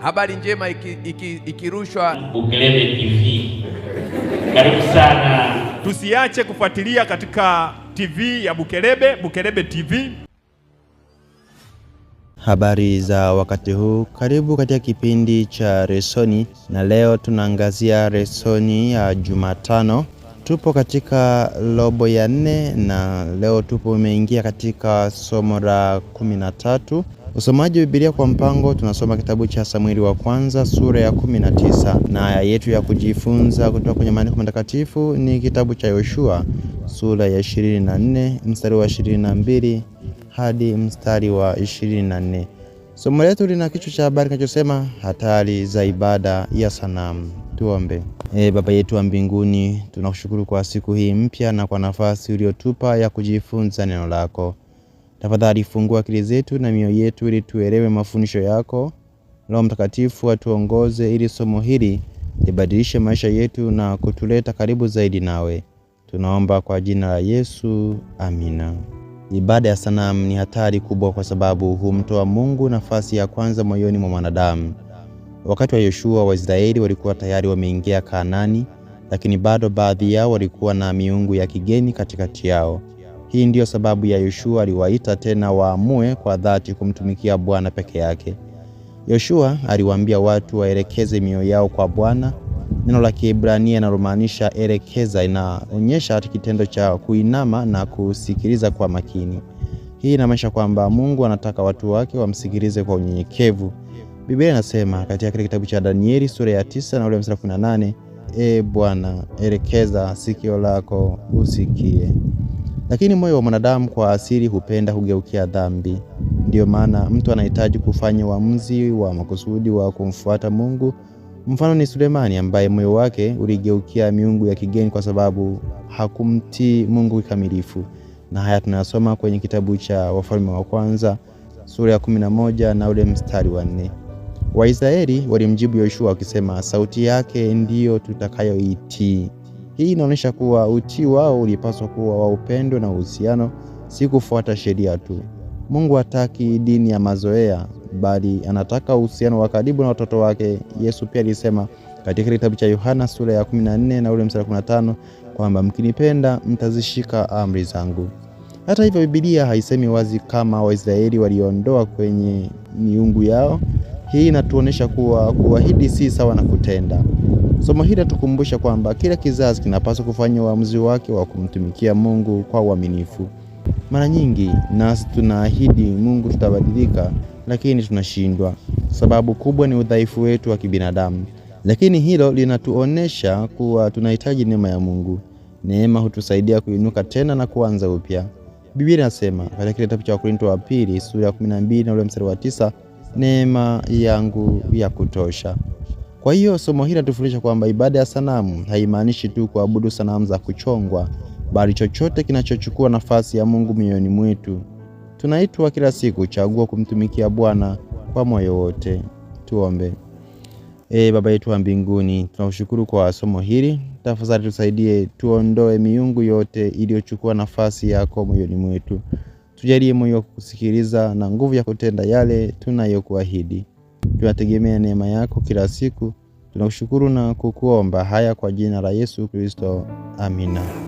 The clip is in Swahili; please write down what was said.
Habari njema ikirushwa iki, iki Bukelebe TV. Karibu sana, tusiache kufuatilia katika TV ya Bukelebe, Bukelebe TV. Habari za wakati huu, karibu katika kipindi cha lesoni, na leo tunaangazia lesoni ya Jumatano. Tupo katika robo ya nne na leo tupo umeingia katika somo la kumi na tatu Usomaji wa Biblia kwa mpango, tunasoma kitabu cha Samueli wa kwanza sura ya 19 na na aya yetu ya kujifunza kutoka kwenye maandiko matakatifu ni kitabu cha Yoshua sura ya 24 mstari wa 22 hadi mstari wa 24. Somo letu lina kichwa cha habari kinachosema hatari za ibada ya sanamu. Tuombe. E, Baba yetu wa mbinguni, tunakushukuru kwa siku hii mpya na kwa nafasi uliotupa ya kujifunza neno lako Tafadhali fungua akili zetu na mioyo yetu ili tuelewe mafundisho yako. Roho Mtakatifu atuongoze ili somo hili libadilishe maisha yetu na kutuleta karibu zaidi nawe. Tunaomba kwa jina la Yesu, amina. Ibada ya sanamu ni hatari kubwa, kwa sababu humtoa Mungu nafasi ya kwanza moyoni mwa mwanadamu. Wakati wa Yoshua, Waisraeli walikuwa tayari wameingia Kanaani, lakini bado baadhi yao walikuwa na miungu ya kigeni katikati yao. Hii ndiyo sababu ya Yoshua aliwaita tena waamue kwa dhati kumtumikia Bwana peke yake. Yoshua aliwaambia watu waelekeze mioyo yao kwa Bwana. Neno la Kiebrania linalomaanisha elekeza inaonyesha hata kitendo cha kuinama na kusikiliza kwa makini. Hii inamaanisha kwamba Mungu anataka watu wake wamsikilize kwa unyenyekevu. Biblia inasema katika kile kitabu cha Danieli sura ya tisa na ule mstari wa 18, E ee Bwana, elekeza sikio lako usikie. Lakini moyo wa mwanadamu kwa asili hupenda kugeukia dhambi. Ndiyo maana mtu anahitaji kufanya uamuzi wa makusudi wa kumfuata Mungu. Mfano ni Sulemani ambaye moyo wake uligeukia miungu ya kigeni kwa sababu hakumtii Mungu kikamilifu. Na haya tunayasoma kwenye kitabu cha Wafalme wa Kwanza sura ya 11 na ule mstari wa nne. Waisraeli walimjibu Yoshua wakisema, sauti yake ndiyo tutakayoitii. Hii inaonyesha kuwa utii wao ulipaswa kuwa wa upendo na uhusiano, si kufuata sheria tu. Mungu hataki dini ya mazoea, bali anataka uhusiano wa karibu na watoto wake. Yesu pia alisema katika kitabu cha Yohana sura ya 14 na ule mstari 15 kwamba mkinipenda mtazishika amri zangu. Hata hivyo, Biblia haisemi wazi kama Waisraeli waliondoa kwenye miungu yao hii inatuonesha kuwa kuahidi si sawa na kutenda. Somo hili linatukumbusha kwamba kila kizazi kinapaswa kufanya uamuzi wake wa kumtumikia Mungu kwa uaminifu. Mara nyingi nasi tunaahidi Mungu tutabadilika, lakini tunashindwa. Sababu kubwa ni udhaifu wetu wa kibinadamu, lakini hilo linatuonesha kuwa tunahitaji neema ya Mungu. Neema hutusaidia kuinuka tena na kuanza upya. Biblia inasema katika kitabu cha Wakorintho wa pili sura ya 12 na ule mstari wa 9 neema yangu ya kutosha. Kwa hiyo somo hili natufundisha kwamba ibada ya sanamu haimaanishi tu kuabudu sanamu za kuchongwa, bali chochote kinachochukua nafasi ya Mungu mioyoni mwetu. Tunaitwa kila siku chagua kumtumikia Bwana kwa moyo wote. Tuombe. E, Baba yetu wa mbinguni, tunashukuru kwa somo hili. Tafadhali tusaidie tuondoe miungu yote iliyochukua nafasi yako moyoni mwetu. Tujalie moyo wa kusikiliza na nguvu ya kutenda yale tunayokuahidi. Tunategemea neema yako kila siku. Tunakushukuru na kukuomba haya kwa jina la Yesu Kristo, amina.